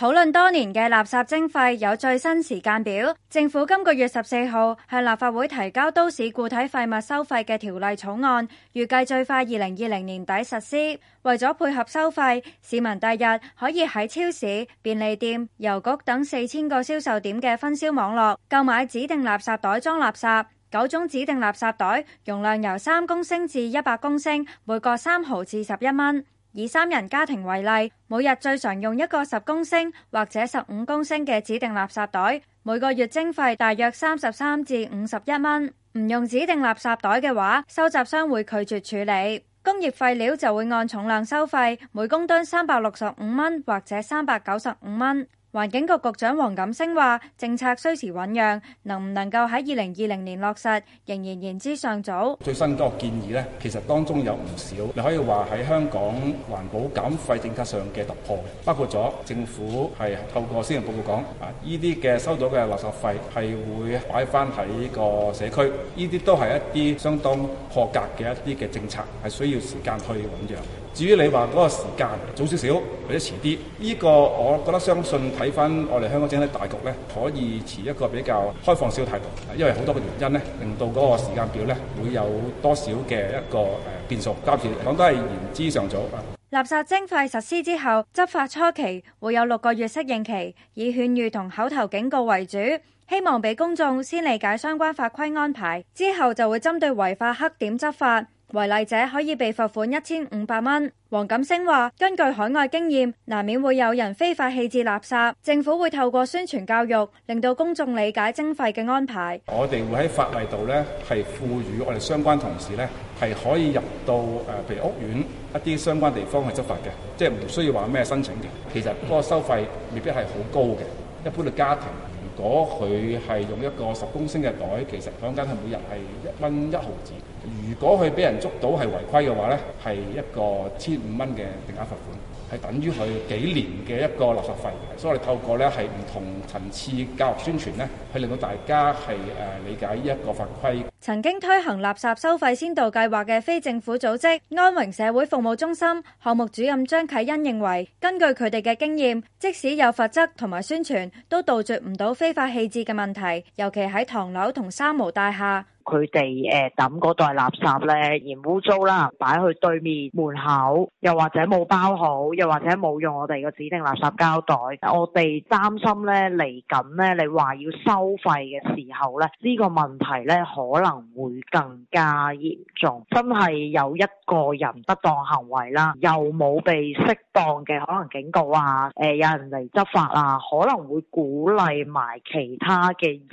討論多年嘅垃圾徵費有最新時間表，政府今個月十四號向立法會提交都市固體廢物收費嘅條例草案，預計最快二零二零年底實施。為咗配合收費，市民第日可以喺超市、便利店、郵局等四千個銷售點嘅分銷網絡購買指定垃圾袋裝垃圾。九種指定垃圾袋容量由三公升至一百公升，每個三毫至十一蚊。以三人家庭為例，每日最常用一個十公升或者十五公升嘅指定垃圾袋，每個月徵費大約三十三至五十一蚊。唔用指定垃圾袋嘅話，收集商會拒絕處理。工業廢料就會按重量收費，每公噸三百六十五蚊或者三百九十五蚊。環境局局長黃錦星話：政策需時醞釀，能唔能夠喺二零二零年落實，仍然言之尚早。最新嗰個建議呢，其實當中有唔少，你可以話喺香港環保減費政策上嘅突破，包括咗政府係透過私人報告講，啊呢啲嘅收到嘅垃圾費係會擺翻喺個社區，呢啲都係一啲相當破格嘅一啲嘅政策，係需要時間去醞釀。至於你話嗰個時間早少少或者遲啲，呢個我覺得相信。睇翻我哋香港整體大局咧，可以持一個比較開放少啲態度，因為好多嘅原因呢，令到嗰個時間表咧會有多少嘅一個誒變數。暫時嚟講都係言之尚早。垃圾徵費實施之後，執法初期會有六個月適應期，以勸喻同口頭警告為主，希望俾公眾先理解相關法規安排，之後就會針對違法黑點執法。違例者可以被罰款一千五百蚊。黃錦星話，根據海外經驗，難免會有人非法棄置垃圾，政府會透過宣傳教育，令到公眾理解徵費嘅安排。我哋會喺法例度呢係賦予我哋相關同事呢係可以入到誒，譬如屋苑一啲相關地方去執法嘅，即係唔需要話咩申請嘅。其實嗰個收費未必係好高嘅，一般嘅家庭。如果佢係用一個十公升嘅袋，其實講緊係每日係一蚊一毫紙。如果佢俾人捉到係違規嘅話咧，係一個千五蚊嘅定額罰款，係等於佢幾年嘅一個垃圾費。所以我哋透過咧係唔同層次教育宣傳咧，去令到大家係誒、啊、理解依一個法規。曾經推行垃圾收費先導計劃嘅非政府組織安榮社會服務中心項目主任張啟恩認為，根據佢哋嘅經驗，即使有罰則同埋宣傳都杜絕唔到非非法棄置嘅問題，尤其喺唐樓同三無大廈。佢哋誒，抌嗰袋垃圾咧，嫌污糟啦，擺去對面門口，又或者冇包好，又或者冇用我哋嘅指定垃圾膠袋。我哋擔心咧，嚟緊咧，你話要收費嘅時候咧，呢個問題咧，可能會更加嚴重。真係有一個人不當行為啦，又冇被適當嘅可能警告啊，誒，有人嚟執法啊，可能會鼓勵埋其他嘅人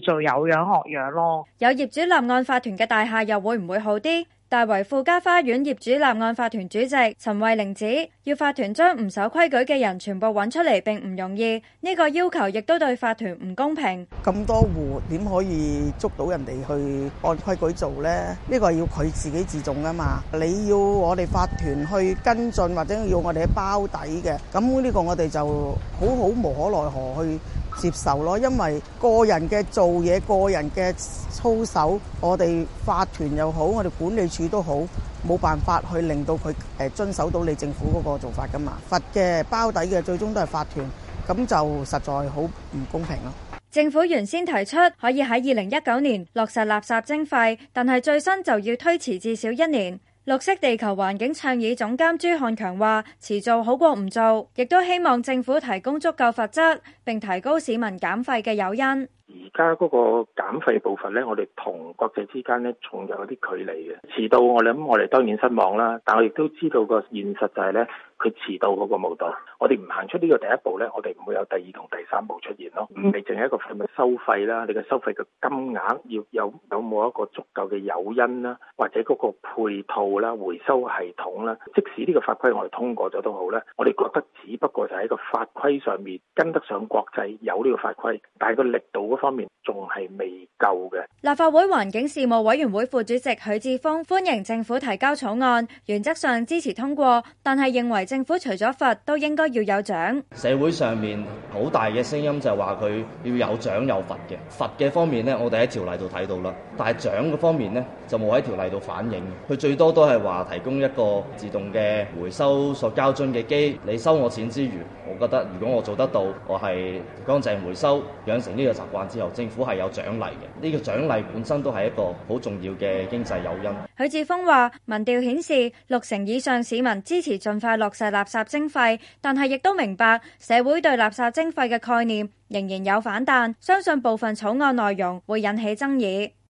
叫做有樣學樣咯，有。業主立案法團嘅大廈又會唔會好啲？大圍富家花園業主立案法團主席陳慧玲指，要法團將唔守規矩嘅人全部揾出嚟，並唔容易。呢個要求亦都對法團唔公平。咁多戶點可以捉到人哋去按規矩做咧？呢個要佢自己自重啊嘛！你要我哋法團去跟進，或者要我哋包底嘅。咁呢個我哋就好好無可奈何去接受咯。因為個人嘅做嘢，個人嘅操守，我哋法團又好，我哋管理處。都好冇辦法去令到佢誒遵守到你政府嗰個做法噶嘛？罰嘅包底嘅最終都係法團，咁就實在好唔公平咯。政府原先提出可以喺二零一九年落實垃圾徵費，但係最新就要推遲至少一年。綠色地球環境倡議總監朱漢強話，遲做好過唔做，亦都希望政府提供足夠罰則，並提高市民減廢嘅誘因。而家嗰個減廢部分咧，我哋同國際之間咧仲有啲距離嘅。遲到我諗我哋當然失望啦，但我亦都知道個現實就係咧。佢遲到嗰個無度，我哋唔行出呢個第一步咧，我哋唔會有第二同第三步出現咯。你淨係一個係咪收費啦？你嘅收費嘅金額要有有冇一個足夠嘅誘因啦，或者嗰個配套啦、回收系統啦。即使呢個法規我哋通過咗都好咧，我哋覺得只不過就係一個法規上面跟得上國際有呢個法規，但係個力度嗰方面仲係未夠嘅。立法會環境事務委員會副主席許智峰歡迎政府提交草案，原則上支持通過，但係認為。政府除咗罰都應該要有獎，社會上面好大嘅聲音就係話佢要有獎有罰嘅罰嘅方面咧，我哋喺條例度睇到啦。但係獎嘅方面咧，就冇喺條例度反映。佢最多都係話提供一個自動嘅回收塑膠樽嘅機。你收我錢之餘，我覺得如果我做得到，我係乾淨回收養成呢個習慣之後政府係有獎勵嘅。呢個獎勵本身都係一個好重要嘅經濟誘因。許智峰話民調顯示六成以上市民支持盡快落實係垃圾徵費，但係亦都明白社會對垃圾徵費嘅概念仍然有反彈，相信部分草案內容會引起爭議。